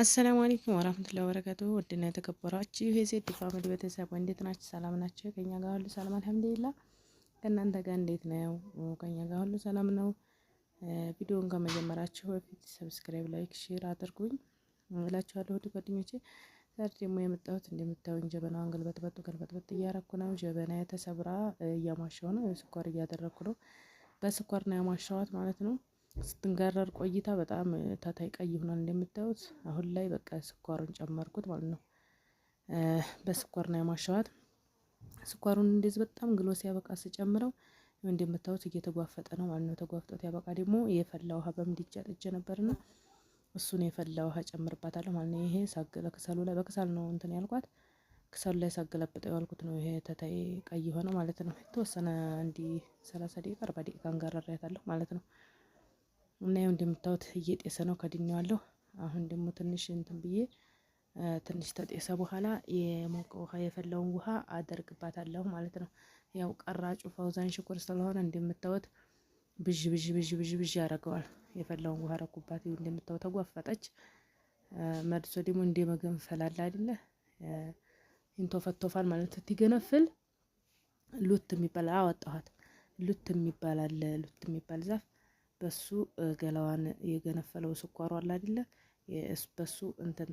አሰላሙ አለይኩም ወራህመቱላሂ ወበረካቱ። ውድና የተከበራችሁ የዜድ ፋሚሊ ቤተሰብ እንዴት ናችሁ? ሰላም ናችሁ? ከኛ ጋር ሁሉ ሰላም አልሐምዱሊላህ። ከእናንተ ጋር እንዴት ነው? ከኛ ጋር ሁሉ ሰላም ነው። ቪዲዮውን ከመጀመራችሁ በፊት ሰብስክራይብ፣ ላይክ፣ ሼር አድርጉኝ እላችኋለሁ። ውድ ጓደኞቼ ዛሬ ደግሞ የመጣሁት እንደምታዩኝ ጀበናዋን ገልበጥበጥ ገልበጥበጥ እያረኩ ነው። ጀበና የተሰብራ እያሟሸው ነው። ስኳር እያደረኩ ነው። በስኳር ነው ያሟሸዋት ማለት ነው። ስትንጋረር ቆይታ በጣም ታታይ ቀይ ሆኗል። እንደምታዩት አሁን ላይ በቃ ስኳሩን ጨመርኩት ማለት ነው። በስኳር ነው የማሸዋት። ስኳሩን እንደዚህ በጣም ግሎ ሲያበቃ ስጨምረው እንደምታዩት እየተጓፈጠ ነው ማለት ነው። ተጓፍጦት ያበቃ ደግሞ የፈላ ውሃ በምድጃ ጥጄ ነበርና እሱን የፈላ ውሃ ጨምርባታለሁ ማለት ነው። ይሄ ሳገለ ክሰሉ ላይ በክሰል ነው እንትን ያልኳት ክሰሉ ላይ ሳገለብጠው ያልኩት ነው። ይሄ ተታይ ቀይ ሆነ ማለት ነው። የተወሰነ እንዲ ሰላሳ ደቂቃ አርባ ደቂቃ እንጋረሪያታለሁ ማለት ነው። እና ያው እንደምታዩት እየጤሰ ነው ከድኜዋለሁ። አሁን ደግሞ ትንሽ እንትን ብዬ ትንሽ ተጤሰ በኋላ የሞቀ ውሃ የፈለውን ውሃ አደርግባታለሁ ማለት ነው። ያው ቀራጩ ፈውዛን ሽኩር ስለሆነ እንደምታዩት ብዥ ብዥ ብዥ ብዥ ብዥ ያደርገዋል። የፈለውን ውሃ ረኩባት። ይኸው እንደምታዩት ተጓፈጠች። መልሶ ደግሞ እንደ መገንፈል አለ አይደለ? ይንቶፈቶፋል ማለት ትገነፍል። ሉት የሚባል አወጣኋት። ሉት የሚባል አለ። ሉት የሚባል ዛፍ በሱ ገላዋን የገነፈለው ስኳሩ አለ አይደለ? በሱ እንትን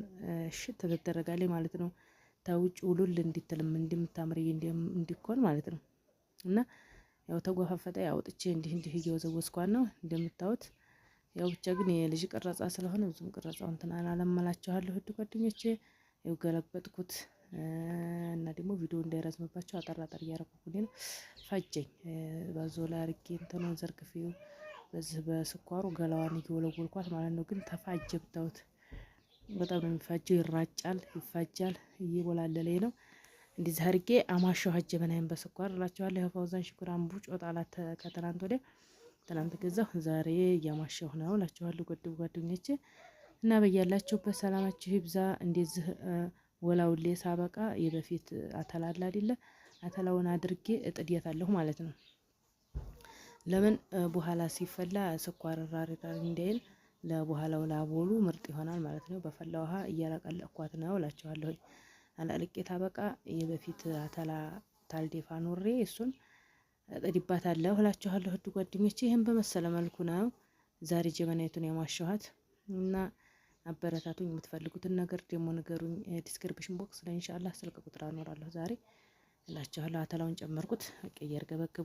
እሽት ትደረጋለች ማለት ነው። ታውጭ ውሉል እንዲትልም እንደምታምር እንዲኮን ማለት ነው። እና ያው ተጓፋፈጠ አውጥቼ እንዲህ እንዲህ እየወዘወዝኳን ነው እንደምታዩት። ያው ብቻ ግን የልጅ ቅረጻ ስለሆነ ብዙም ቅረጻው እንትን አላመላችኋለሁ ውድ ጓደኞቼ። ያው ገለበጥኩት እና ደግሞ ቪዲዮ እንዳይረዝምባቸው አጠር አጠር ነው። ፈጀኝ ባዞ ላይ አርጌ እንትኑን ዘርግፌው በዚህ በስኳሩ ገላዋን እየወለወልኳት ማለት ነው። ግን ተፋጀ ብታዩት በጣም ነው የሚፋጀው። ይራጫል፣ ይፋጃል፣ እየወላለለኝ ነው። እንዲዚህ አድርጌ አማሻው ሀጀ በናይም በስኳር እላችኋለሁ። የፈውዛን ሽኩር አንቡ ጮጣላት ከትናንት ወዲያ ትናንት ገዛሁ፣ ዛሬ እያማሻሁ ነው እላችኋለሁ። ጎድብ ጓደኞቼ እና በያላችሁበት ሰላማችሁ ይብዛ። እንደዚህ ወላውሌ ሳበቃ የበፊት አተላላ አይደለ አተላውን አድርጌ እጥድያታለሁ ማለት ነው። ለምን በኋላ ሲፈላ ስኳር ራሪ ራሪ እንዳይል ለበኋላው ላቦሉ ምርጥ ይሆናል ማለት ነው። በፈላ ውሃ እያለቀለኳት ነው እላችኋለሁ። አለቅቄ ታበቃ የበፊት አተላ ታልዴፋ ኖሬ እሱን ጠዲባት አለ እላችኋለሁ። ህድ ጓደኞቼ ይህን በመሰለ መልኩ ነው ዛሬ ጀበናይቱን የማሸኋት እና አበረታቱኝ። የምትፈልጉትን ነገር ደግሞ ንገሩኝ። ዲስክሪፕሽን ቦክስ ላይ እንሻላ ስልክ ቁጥር አኖራለሁ ዛሬ እላችኋለሁ። አተላውን ጨመርኩት ቀየር ገበገቡ